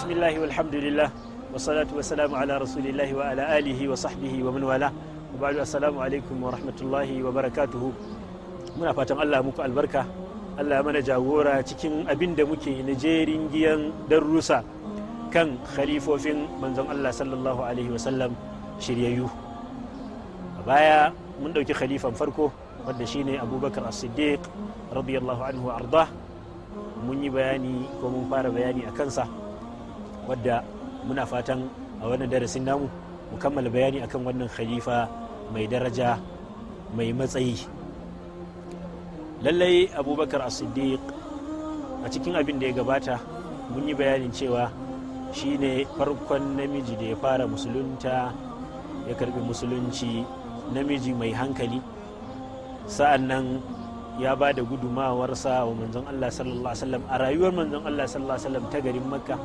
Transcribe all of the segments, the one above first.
bismillahi walhamdulillah wasalatu wasalamu ala rasulillahi wa ala alihi wa sahbihi wa man wala wa ba'du assalamu wa rahmatullahi wa barakatuhu muna fatan Allah muku albarka Allah mana jagora cikin abin da muke na jerin giyan darussa kan khalifofin manzon Allah sallallahu alaihi wasallam shiryayyu a baya mun ɗauki khalifan farko wanda shine abubakar as-siddiq radiyallahu anhu arda mun yi bayani ko mun fara bayani a kansa wadda muna fatan a wannan darasin namu mu kammala bayani akan wannan khalifa mai daraja mai matsayi lallai abubakar as-siddiq a cikin abin da ya gabata mun yi bayanin cewa shine farkon namiji da ya fara musulunta ya karbi musulunci namiji mai hankali sa'an nan ya ba da gudumawarsa wa manzon Allah sallallahu alaihi a rayuwar manzon Allah sallallahu alaihi ta garin Makka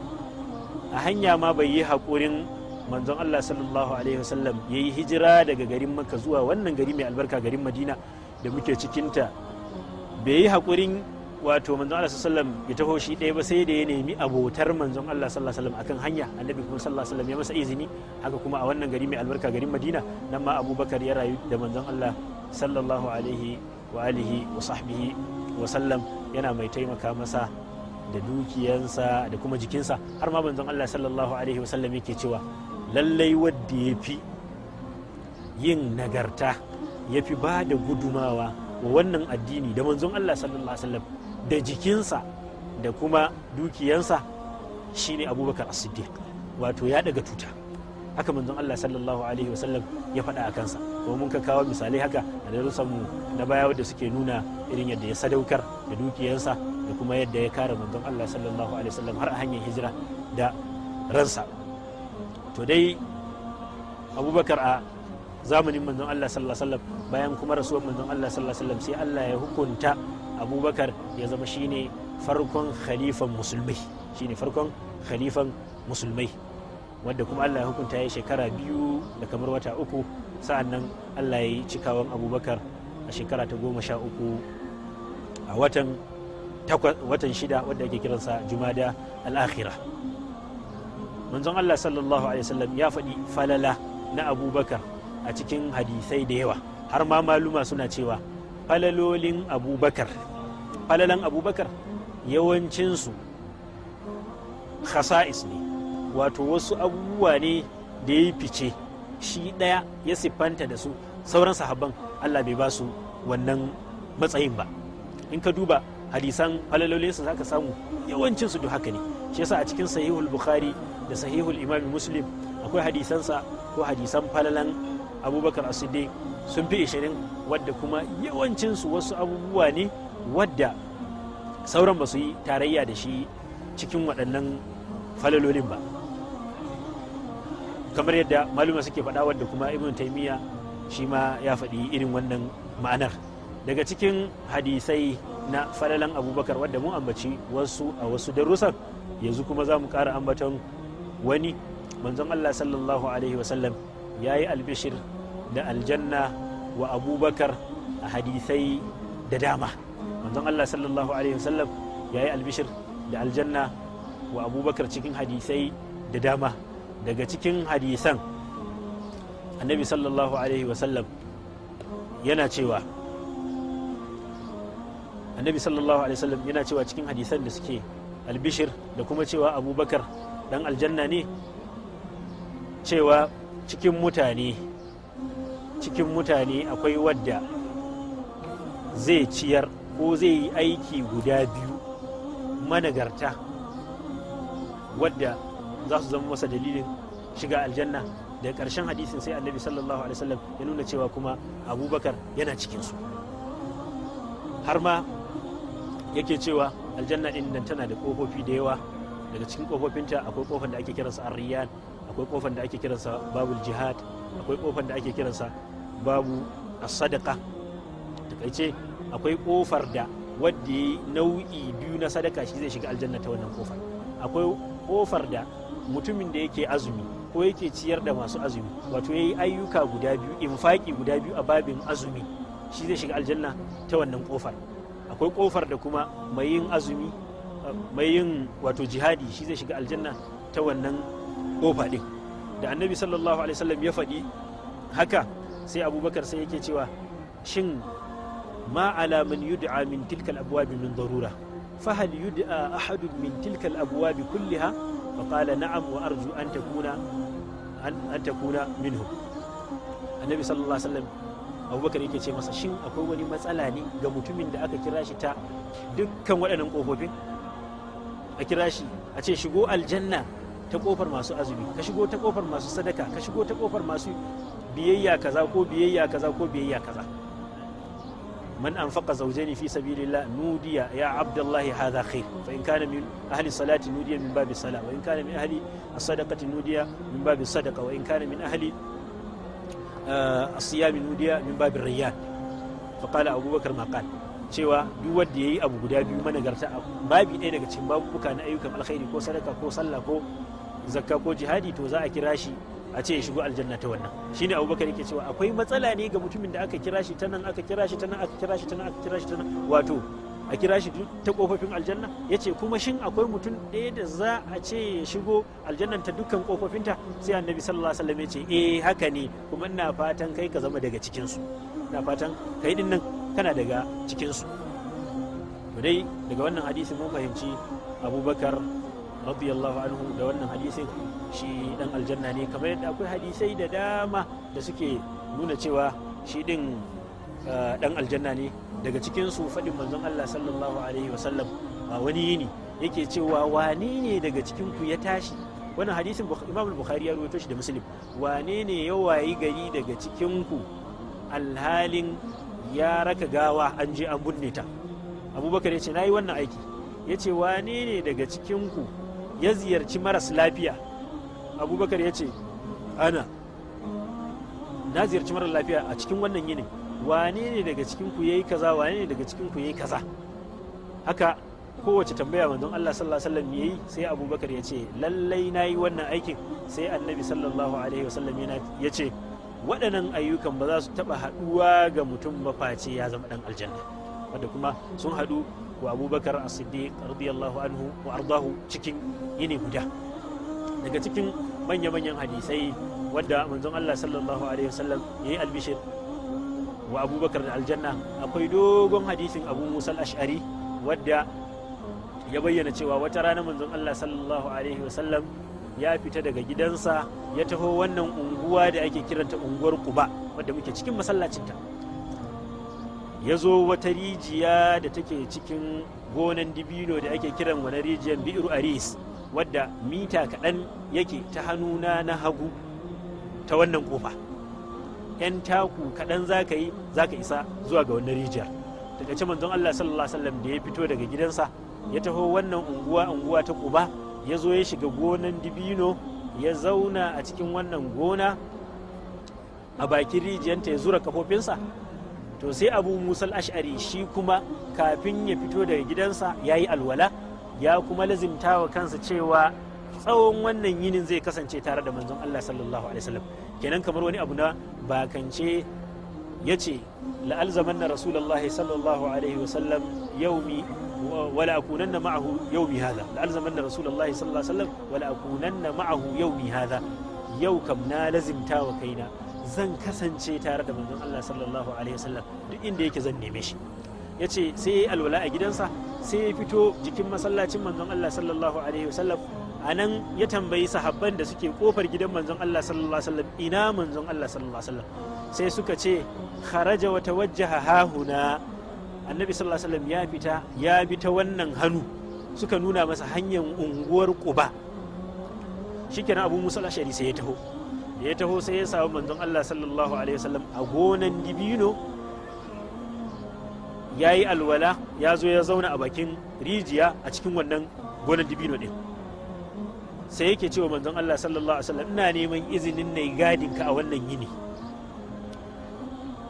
a hanya ma bai yi haƙurin manzon Allah sallallahu alaihi wasallam ya yi hijira daga garin Makka zuwa wannan gari mai albarka garin Madina da muke cikinta bai yi haƙurin wato manzon Allah sallallahu alaihi wasallam ya taho shi ɗaya ba sai da ya nemi abotar manzon Allah sallallahu alaihi wasallam akan hanya annabi kuma sallallahu alaihi wasallam ya masa izini haka kuma a wannan gari mai albarka garin Madina nan ma Abubakar ya rayu da manzon Allah sallallahu alaihi wa alihi wa sahbihi wa sallam yana mai taimaka masa da dukiyansa da kuma jikinsa har ma banzan Allah sallallahu alaihi wasallam yake cewa lallai wadda ya fi yin nagarta ya fi ba da gudumawa wa wannan addini da manzon Allah sallallahu alaihi wasallam da jikinsa da kuma dukiyansa ne abubakar as-siddiq wato ya daga tuta haka manzon Allah sallallahu alaihi wasallam ya faɗa a kansa mun ka kawo misalai haka a darussanmu na baya wadda suke nuna irin yadda ya sadaukar da dukiyansa da kuma yadda ya kare manzon Allah sallallahu alaihi wasallam har a hanyar hijira da ransa to dai abubakar a zamanin manzon Allah sallallahu alaihi wasallam bayan kuma rasuwar manzon Allah sallallahu alaihi wasallam sai Allah ya hukunta abubakar ya zama shine farkon khalifan musulmai shine farkon khalifan musulmai wanda kuma Allah ya hukunta ya shekara biyu da kamar wata uku sa'an nan Allah ya yi cikawan abubakar a shekara ta goma sha uku a watan watan shida wanda ake kiransa jumada al'akhira manzon Allah sallallahu alaihi wasallam ya faɗi falala na abubakar a cikin hadisai da yawa har ma maluma suna cewa falalolin abubakar falalan abubakar yawancinsu khasa'is ne wato wasu abubuwa ne da ya fice shi ɗaya ya siffanta da su sauran sahabban Allah bai ba su wannan matsayin ba in ka duba hadisan falalolinsa za ka samu yawancinsu duk haka ne shi yasa a cikin sahihul bukhari da sahihul imam muslim akwai hadisansa ko hadisan falalan abubakar siddiq sun fi ishirin wadda kuma yawancinsu wasu abubuwa ne wadda sauran ba su yi tarayya da shi cikin waɗannan falalolin ba kamar yadda maluma suke faɗa wadda kuma ibn taymiya shi ma ya faɗi irin wannan ma'anar daga cikin hadisai na falalan abubakar wadda mun ambaci wasu a wasu darussan yanzu kuma za mu ƙara ambaton wani manzon allah sallallahu alaihi wasallam ya yi albishir da aljanna wa abubakar a hadisai da dama manzon allah sallallahu alaihi wasallam ya yi albishir da aljanna wa abubakar cikin hadisai da dama daga cikin hadisan annabi sallallahu alaihi wasallam yana cewa annabi sallallahu alaihi wasallam yana cewa cikin hadisan da suke albishir da kuma cewa abubakar dan aljanna ne cewa cikin mutane cikin mutane akwai wadda zai ciyar ko zai yi aiki guda biyu managarta wadda za su zama masa dalilin shiga aljanna da ƙarshen hadisin sai annabi sallallahu alaihi wasallam ya nuna cewa kuma abubakar yana cikinsu har ma yake cewa aljanna din nan tana da kofofi da yawa daga cikin kofofinta akwai kofan da ake kiransa arriyan akwai kofan da ake kiransa babul jihad akwai kofan da ake kiransa babu as-sadaqa takaice akwai kofar da wadda ya nau'i biyu na sadaka shi zai shiga aljanna ta wannan kofar akwai kofar da mutumin da yake azumi ko yake ciyar da masu azumi wato ya yi ayyuka guda biyu infaki guda biyu a babin azumi shi zai shiga aljanna ta wannan kofar akwai kofar da kuma mai yin azumi mai yin wato jihadi shi zai shiga aljanna ta wannan kofa din da annabi sallallahu alaihi wasallam ya faɗi haka sai abubakar sai yake cewa shin ma ala man yud'a min tilka al-abwab min darura fa hal yud'a ahadun min tilka al-abwab kullaha fa qala na'am wa arju an takuna an takuna minhum annabi sallallahu alaihi wasallam abubakar yake ce masa shin akwai wani matsala ne ga mutumin da aka kira shi ta dukkan waɗannan ƙofofin a kira shi a ce shigo aljanna ta ƙofar masu azumi ka shigo ta ƙofar masu sadaka ka shigo ta ƙofar masu biyayya kaza ko biyayya kaza ko biyayya kaza man anfaqa zawjaini fi sabilillah nudiya ya abdullahi hadha khair fa in kana min ahli salati nudiya min babi sala wa in kana min ahli sadaqati nudiya min babi sadaqa wa in kana min ahli asiyami nudiya min babin rayyan fa abubakar ma cewa duk wanda yayi abu guda biyu managarta babi ɗaya daga cikin babuka na ayyukan alkhairi ko sadaka ko sallah ko zakka ko jihadi to za a kira shi a ce ya shigo aljanna ta wannan shine abubakar yake cewa akwai matsala ne ga mutumin da aka kira shi ta nan aka kira shi ta nan aka kira shi ta nan aka kira shi ta nan wato a kira shi ta kofofin aljanna ya ce kuma shin akwai mutum ɗaya da za a ce ya shigo aljannan ta dukkan kofofinta sai annabi sallallahu alaihi wasallam ya ce eh haka ne kuma ina fatan kai ka zama daga cikin su ina fatan kai din nan kana daga cikin su to dai daga wannan hadisi mun fahimci abubakar radiyallahu anhu da wannan hadisin shi dan aljanna ne kamar yadda akwai hadisai da dama da suke nuna cewa shi din dan eh, aljanna ne daga cikin su faɗin manzon Allah sallallahu alaihi wasallam a wani yini yake cewa wane ne daga cikin ku ya tashi wani hadisin Imam Bukhari ya rubuta shi da Muslim wane ne ya wayi gari daga cikin ku alhalin ya raka gawa an je an bunne ta Abubakar ya ce nayi wannan aiki ya ce wane ne daga cikin ku ya ziyarci maras lafiya Abubakar ya ce ana na ziyarci maras lafiya a cikin wannan yinin wane ne daga cikin ku yayi kaza wane ne daga cikin ku yayi kaza haka kowace tambaya manzon Allah sallallahu alaihi wasallam yayi sai Abubakar ya ce lallai nayi wannan aikin sai Annabi sallallahu alaihi wasallam ya ce waɗannan ayyukan ba za su taɓa haɗuwa ga mutum ba face ya zama ɗan aljanna wanda kuma sun haɗu wa Abubakar as-Siddiq radiyallahu anhu wa ardahu cikin yini guda daga cikin manya-manyan hadisai wadda manzon Allah sallallahu alaihi wasallam yayi albishir wa abubakar da aljanna akwai dogon hadisin abu musal ash'ari wadda ya bayyana cewa wata rana manzon allah sallallahu alaihi wasallam ya fita daga gidansa ya taho wannan unguwa da ake kiranta unguwar kuba wadda muke cikin masallacinta ya zo wata rijiya da take cikin gonan dibino da ake kiran wani rijiyar biru aris wadda mita kaɗan yake ta hannuna na hagu ta wannan kofa 'yan taku kaɗan za ka yi za ka isa zuwa ga wani rijiyar daga ce manzon Allah sallallahu alaihi wasallam da ya fito daga gidansa ya taho wannan unguwa unguwa ta kuba ya zo ya shiga gonan dibino ya zauna a cikin wannan gona a bakin rijiyanta ya zura kafofinsa to sai abu musal ash'ari shi kuma kafin ya fito daga gidansa ya yi alwala ya kuma lazimta wa kansa cewa tsawon wannan yinin zai kasance tare da manzon Allah sallallahu alaihi wasallam kenan kamar wani abu na bakance ya ce yace la'alzaman na rasulullah sallallahu alaihi wasallam yaumi wala akunanna ma'ahu yaumi hadha la'alzaman na rasulullah sallallahu alaihi wasallam wala akunanna ma'ahu yaumi hadha yau kam na lazimta wa kaina zan kasance tare da manzon Allah sallallahu alaihi wasallam duk inda yake zan neme shi ya ce sai ya yi alwala a gidansa sai ya fito jikin masallacin manzon Allah sallallahu alaihi wasallam a nan ya tambayi sahabban da suke kofar gidan manzon Allah sallallahu alaihi wasallam ina manzon Allah sallallahu alaihi wasallam sai suka ce kharaja wa tawajjaha hahuna annabi sallallahu alaihi wasallam ya fita ya bi ta wannan hannu suka nuna masa hanyar unguwar Quba shikenan Abu Musa al-Ashari sai ya taho da ya taho sai ya samu manzon Allah sallallahu alaihi wasallam a gonan dibino yayi alwala ya zo ya zauna a bakin rijiya a cikin wannan gonan dibino din sai yake cewa manzon Allah sallallahu alaihi wasallam ina neman izinin na gadin ka a wannan yini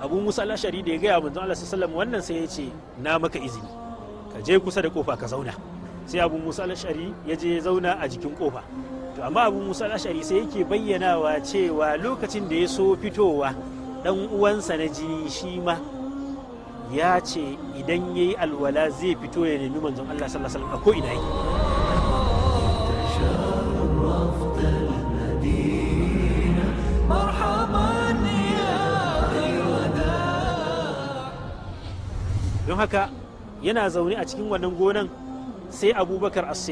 abu musa al-ashari da ya gaya manzon Allah sallallahu alaihi wasallam wannan sai yace na maka izini ka je kusa da kofa ka zauna sai abu musa al-ashari ya je ya zauna a jikin kofa to amma abu musa al-ashari sai yake bayyanawa cewa lokacin da ya so fitowa dan uwansa na jini shi ma ya ce idan yayi alwala zai fito ya nemi manzon Allah sallallahu alaihi wasallam a ko ina yake don haka yana zaune a cikin wannan gonan sai abubakar as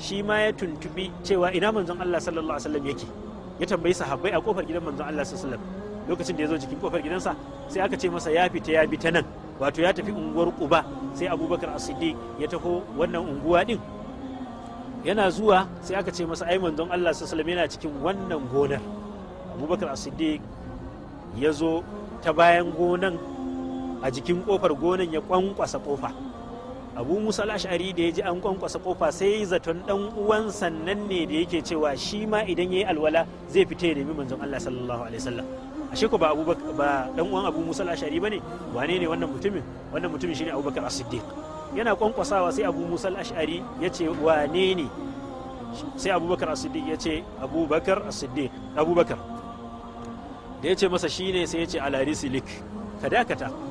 shi ma ya tuntubi cewa ina manzon Allah sallallahu alaihi wasallam yake ya tambayi sahabbai a kofar gidan manzon Allah sallallahu alaihi wasallam lokacin da ya zo cikin kofar gidansa sai aka ce masa ya fita ya bi ta nan wato ya tafi unguwar Quba sai Abubakar as ya taho wannan unguwa din yana zuwa sai aka ce masa ai manzon Allah sallallahu alaihi yana cikin wannan gonar Abubakar as ya zo ta bayan gonan a jikin kofar gonan ya kwankwasa kofa abu musa ash'ari da ya ji an kwankwasa kofa sai zaton dan uwan sannan ne da yake cewa shi ma idan yi alwala zai fita ya nemi manzon Allah sallallahu alaihi wasallam ashe ko ba abubakar ba dan uwan abu musa ash'ari bane wane ne wannan mutumin wannan mutumin shine abubakar as-siddiq yana kwankwasawa sai abu musa ash'ari ya ce wane ne sai abubakar as-siddiq ya ce abubakar as-siddiq abubakar da ya ce masa shine sai ya ce alarisilik risilik ka dakata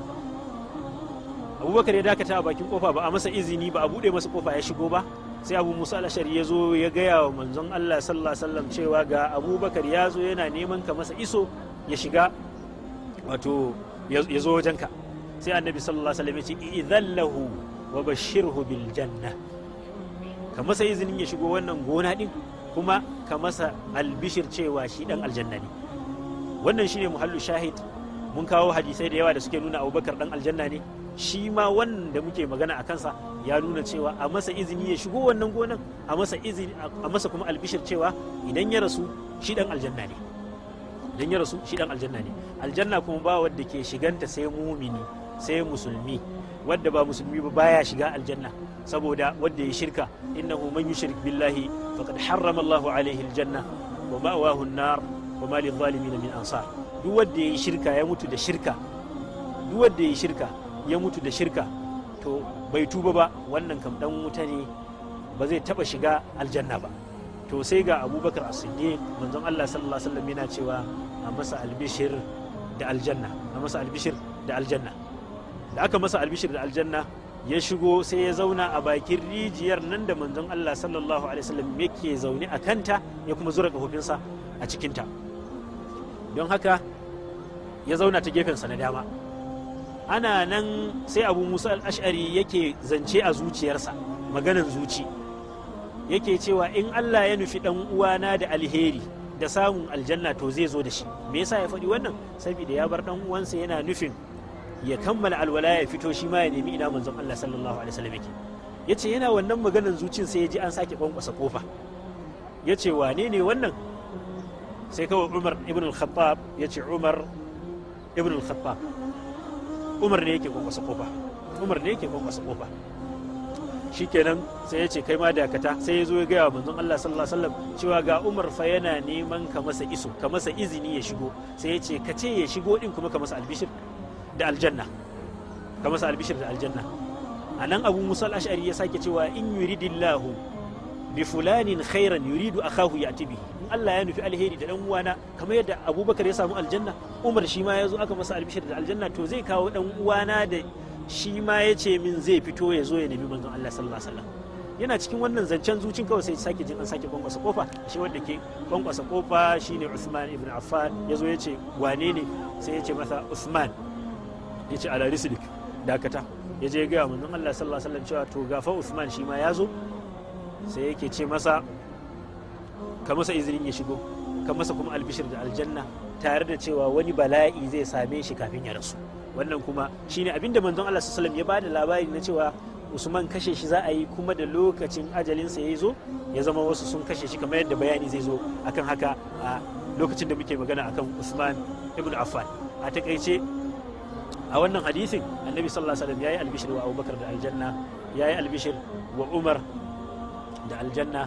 abubakar ya dakata a bakin kofa ba a masa izini ba a bude masa kofa ya shigo ba sai abu musa alashari ya zo ya gaya wa manzon allah sallallahu alaihi wasallam cewa ga abubakar ya zo yana neman ka masa iso ya shiga wato ya zo wajenka sai annabi sallallahu alaihi wasallam ya ce idan lahu wa bashirhu bil janna ka masa izinin ya shigo wannan gona din kuma ka masa albishir cewa shi dan aljanna ne wannan shine muhallu shahid mun kawo hadisai da yawa da suke nuna abubakar dan aljanna ne shi ma wannan da muke magana a kansa ya nuna cewa a masa izini ya shigo wannan gonan a masa izini a masa kuma albishir cewa idan ya rasu shi dan aljanna ne idan ya rasu shi dan aljanna ne aljanna kuma ba wanda ke shiganta sai mumini sai musulmi wadda ba musulmi ba baya shiga aljanna saboda wadda ya shirka innahu man yushrik billahi faqad harrama Allahu alaihi aljanna wa ma'wahu an-nar wa ma lidh min ansar duk wanda ya shirka ya mutu da shirka duk wanda ya shirka ya mutu da shirka to bai tuba ba wannan kam dan wuta ne ba zai taba shiga aljanna ba to sai ga abubakar a sunye manzon Allah sallallahu alaihi wasallam yana cewa a masa albishir da aljanna a masa albishir da aljanna da aka masa albishir da aljanna ya shigo sai ya zauna a bakin rijiyar nan da manzon Allah sallallahu alaihi wasallam yake zaune a kanta ya kuma zura kafofinsa a cikinta don haka ya zauna ta gefensa na dama ana nan sai abu musa al'ashari yake zance a zuciyarsa maganan zuci yake cewa in allah ya nufi dan uwana da alheri da samun aljanna to zai zo da shi me yasa ya faɗi wannan saboda ya bar dan uwansa yana nufin ya kammala alwala ya fito shi ma ya nemi ina manzon allah sallallahu alaihi wasallam yake ce yana wannan maganan zuci sai ya ji an sake kwankwasa kofa yace wane ne wannan sai kawai umar ibn al-khattab yace umar ibn al-khattab umar ne yake kwakwasa kofa umar ne yake kwankwasa kofa shikenan sai ya ce kai ma dakata sai ya zo ya gaya wa manzon Allah sallallahu alaihi wasallam cewa ga Umar fa yana neman ka masa iso ka masa izini ya shigo sai ya ce ka ce ya shigo din kuma ka masa albishir da aljanna ka masa albishir da aljanna anan Abu musal ashari ya sake cewa in yuridillahu bi fulanin khairan yuridu akahu ya tibi in Allah ya nufi alheri da dan uwana kamar yadda Abubakar ya samu aljanna Umar shi ma ya zo aka masa albishir da aljanna to zai kawo dan uwana da shi ma ya ce min zai fito ya zo ya nemi manzon Allah sallallahu alaihi wasallam yana cikin wannan zancen zucin kawai sai sake jin an sake kwankwasa kofa shi wanda ke kwankwasa kofa shine Usman ibn Affan ya zo ya ce wane ne sai ya ce masa Usman. ya ce ala rislik dakata ya je ga manzon Allah sallallahu alaihi wasallam cewa to gafa Usman shi ma ya zo sai yake ce masa ka masa izinin ya shigo ka masa kuma albishir da aljanna tare da cewa wani bala'i zai same shi kafin ya rasu wannan kuma shine abinda manzon Allah sallallahu ya bada labari na cewa Usman kashe shi za a yi kuma da lokacin ajalinsa ya zo ya zama wasu sun kashe shi kamar yadda bayani zai zo akan haka a lokacin da muke magana akan Usman ibn Affan a takaice a wannan hadisin annabi sallallahu alaihi wasallam yayi albishir wa Abubakar da aljanna yayi albishir wa Umar da aljanna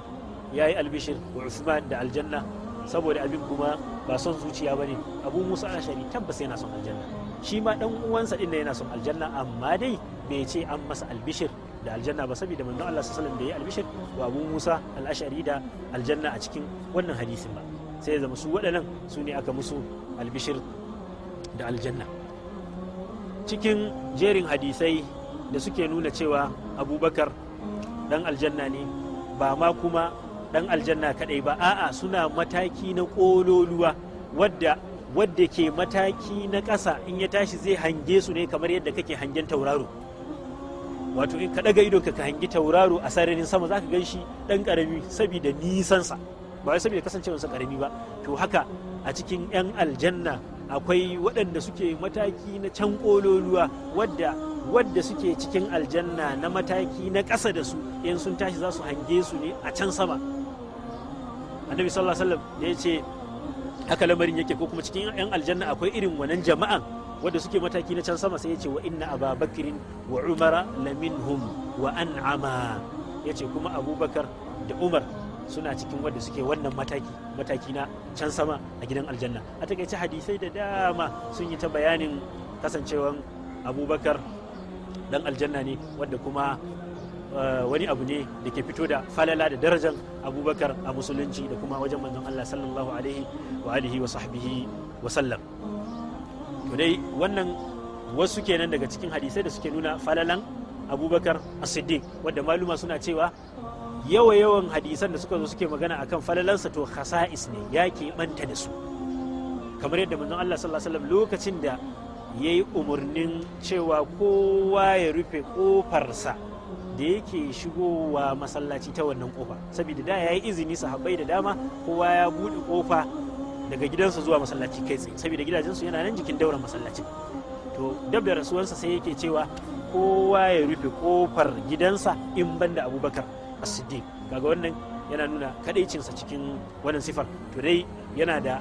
ya yi albishir wa usman da aljanna saboda abin kuma ba son zuciya ba ne abu musa ashari tabbas yana son aljanna shi ma dan uwansa din yana son aljanna amma dai bai ce an masa albishir da aljanna ba saboda manzon Allah sallallahu da ya albishir wa abu musa al-ashari da aljanna a cikin wannan hadisin ba sai zama su waɗannan su ne aka musu albishir da aljanna cikin jerin hadisai da suke nuna cewa abubakar dan aljanna ne ba ma kuma ɗan aljanna kaɗai ba a'a suna mataki na ƙololuwa wadda wadda ke mataki na ƙasa in ya tashi zai hange su ne kamar yadda kake hangen tauraro wato in ka ɗaga ido ka hangi tauraro a sararin sama zaka ka gan shi ɗan ƙarami saboda nisansa ba wai saboda kasancewarsa karami ba to haka a cikin 'yan aljanna akwai waɗanda suke mataki na can ƙololuwa wadda wadda suke cikin aljanna na mataki na ƙasa da su in sun tashi za su hange su ne a can sama annabi sallallahu alaihi wasallam ya ce haka lamarin yake ko kuma cikin 'yan aljanna akwai irin wannan jama'an wadda suke mataki na can sama sai ya ce wa inna ababakirin wa umara laminhum wa an'ama ya ce kuma abubakar da umar suna cikin wadda suke wannan mataki mataki na can sama a gidan aljanna a takaice hadisai da dama sun yi ta bayanin kasancewan abubakar dan aljanna ne wanda kuma eh, wani abu ne da ke fito da falala da darajar abubakar a musulunci da kuma wajen manzon Allah sallallahu alaihi wa alihi wa sahbihi wa sallam to dai wannan wasu kenan daga cikin hadisai da suke nuna falalan abubakar as-siddiq wadda maluma suna cewa yawa yawan hadisan da suka zo suke magana akan falalansa to khasa'is ne yake manta da su kamar yadda manzon Allah sallallahu alaihi sallam lokacin da ya yi umarnin cewa kowa ya rufe kofarsa da yake shigowa masallaci ta wannan kofa saboda da ya yi izini sahabbai da dama kowa ya buɗe kofa daga gidansa zuwa masallaci kai tsaye saboda gidajensu yana nan jikin dauran masallacin to dab da rasuwarsa sai yake cewa kowa ya rufe kofar gidansa in banda abubakar asidin siddiq kaga wannan yana nuna kadaicinsa cikin wannan sifar to dai yana da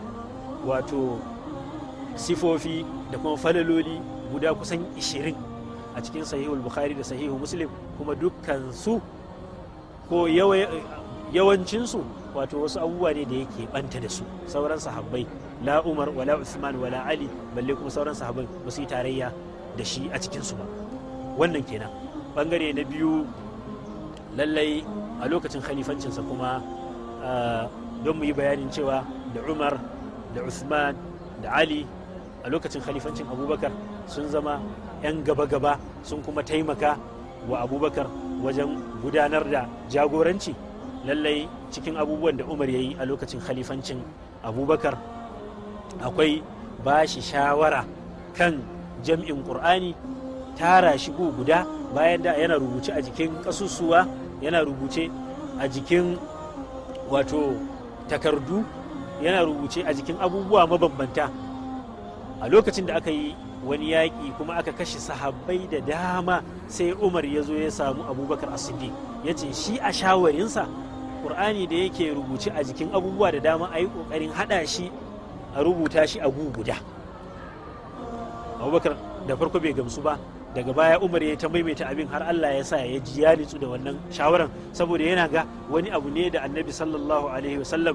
wato sifofi da kuma falaloli guda kusan 20 a cikin sahihul bukhari da sahihu muslim kuma dukkansu ko yawancinsu wato wasu abubuwa ne da yake banta da su sauran sahabbai la umar wala usman wala ali balle kuma sauran sahabbai ba su yi tarayya da shi a cikinsu ba wannan kenan bangare na biyu lallai a lokacin khalifancinsa kuma ah, don mu yi bayanin cewa da umar da usman da ali a lokacin khalifancin abubakar sun zama 'yan gaba-gaba sun kuma taimaka wa abubakar wajen gudanar da jagoranci lallai cikin abubuwan da umar ya yi a lokacin khalifancin abubakar akwai ba shi shawara kan jam'in ƙur'ani tara shi guda bayan da yana rubuce a jikin ƙasusuwa yana rubuce a jikin wato takardu yana rubuce a jikin abubuwa mabambanta a lokacin da aka yi wani yaƙi kuma aka kashe sahabbai da dama sai umar ya zo ya samu abubakar as ya ce shi a shawarinsa ƙur'ani da yake rubuci a jikin abubuwa da dama a yi ƙoƙarin haɗa shi a rubuta shi a guguda abubakar da farko bai gamsu ba daga baya umar ya ta maimaita abin har allah ya sa ya ji ya nitsu da wannan shawaran saboda yana ga wani abu ne da annabi sallallahu alaihi wasallam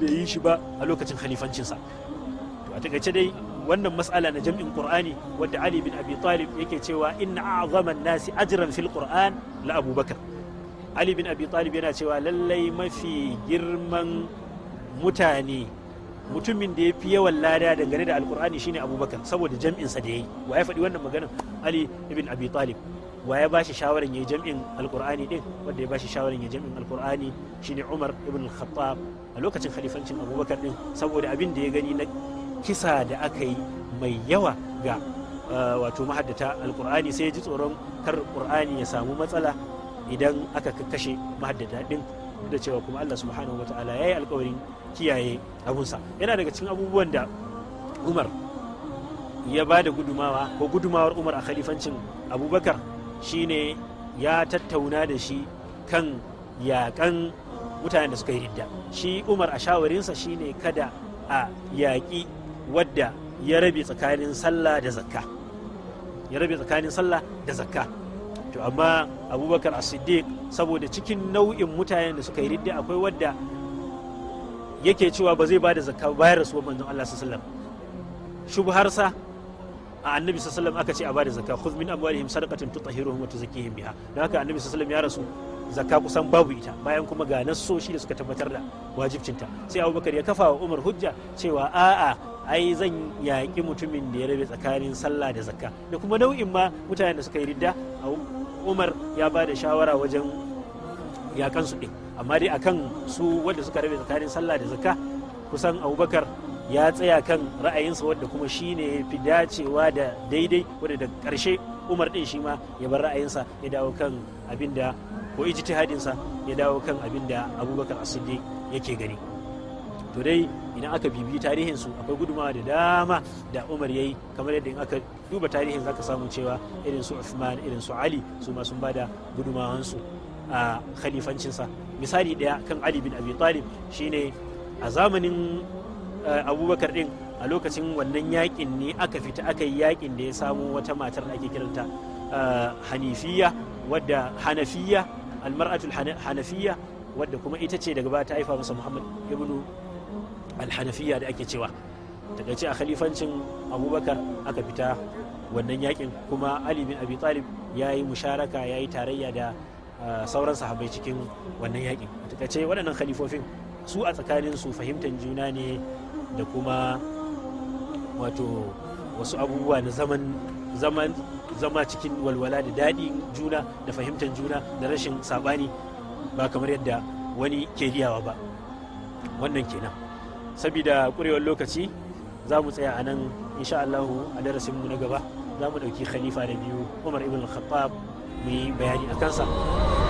bai yi shi ba a lokacin halifancinsa to a takaice dai wannan matsala na jam'in qur'ani wadda ali bin abi talib yake cewa inna azaman nasi ajran fil qur'an la abubakar ali bin abi talib yana cewa lallai mafi girman mutane mutumin da ya fi yawan lada dangane da alkur'ani shine abubakar saboda jam'insa da ya yi wa ya faɗi wannan maganar ali ibn abi talib wa ya bashi shawarar ya yi jam'in alkur'ani din wanda ya bashi shawarar ya jam'in alkur'ani shine umar ibn al-khattab a lokacin khalifancin abubakar din saboda abin da ya gani na kisa da aka yi mai yawa ga eh, wato mahaddata alkur'ani sai ji tsoron kar qur'ani ya samu matsala idan aka kashe mahaddata din da cewa kuma Allah subhanahu ya yi alkawarin kiyaye abunsa yana daga cikin abubuwan da Umar ya ba da gudumawa ko gudumawar Umar a khalifancin Abubakar shine ya tattauna da shi kan yaƙan mutanen da suka yi idda shi Umar a shawarinsa shine kada a yaƙi wadda ya rabe tsakanin sallah da zakka ya rabe tsakanin sallah da zakka to amma abubakar as-siddiq saboda cikin nau'in mutanen da suka yi ridda akwai wadda yake cewa ba zai bada zakka bayar da su manzon Allah sallallahu alaihi wasallam sa a annabi sallallahu alaihi wasallam aka ce a bada zakka khudh min amwalihim sadaqatan tutahhiruhum wa tuzakkihim biha don haka annabi sallallahu ya rasu zakka kusan babu ita bayan kuma ga nassoshi da suka tabbatar da wajibcinta sai abubakar ya kafa wa umar hujja cewa a'a ai zan yaƙi mutumin da ya rabe tsakanin sallah da zakka da kuma nau'in ma mutanen da suka yi ridda a umar ya ba da shawara wajen yaƙan su ɗin amma dai akan su wanda suka rabe tsakanin sallah da zakka kusan abubakar ya tsaya kan ra'ayinsa wadda kuma shi ne ya fi dacewa da daidai wadda da ƙarshe umar ɗin shi ma ya bar ra'ayinsa ya dawo kan abin da ko ijtihadinsa ya dawo kan abin da abubakar asidi yake gani. to ina idan aka bibi tarihin su akwai gudumawa da dama da Umar yayi kamar yadda in aka duba tarihin zaka samu cewa irin su Uthman irin su Ali su ma sun bada gudumawan su a khalifancin sa misali daya kan Ali bin Abi Talib shine a zamanin eh, Abubakar din a lokacin wannan yakin ne aka fita aka yi yakin da ya samu wata matar da ake kiranta eh, hanifiya wadda hanafiya almar'atul hanafiya wadda kuma ita ce daga baya ta haifa masa muhammad ibnu alhanafiya da ake cewa daga ce a khalifancin abubakar aka fita wannan yakin kuma ali bin abi talib ya yi musharaka ya yi tarayya da ah, sauran sahabai cikin wannan yakin daga ce waɗannan khalifofin su a tsakanin su fahimtar juna ne da kuma wato wasu abubuwa na zaman zaman zama cikin walwala da daɗi juna da fahimtar juna da rashin saɓani ba kamar yadda wani ke liyawa ba wannan kenan saboda kurewar lokaci za mu tsaya a nan insha Allahu a darasin mu na gaba za mu ɗauki khalifa na biyu Umar ibn Khattab mu yi bayani a kansa.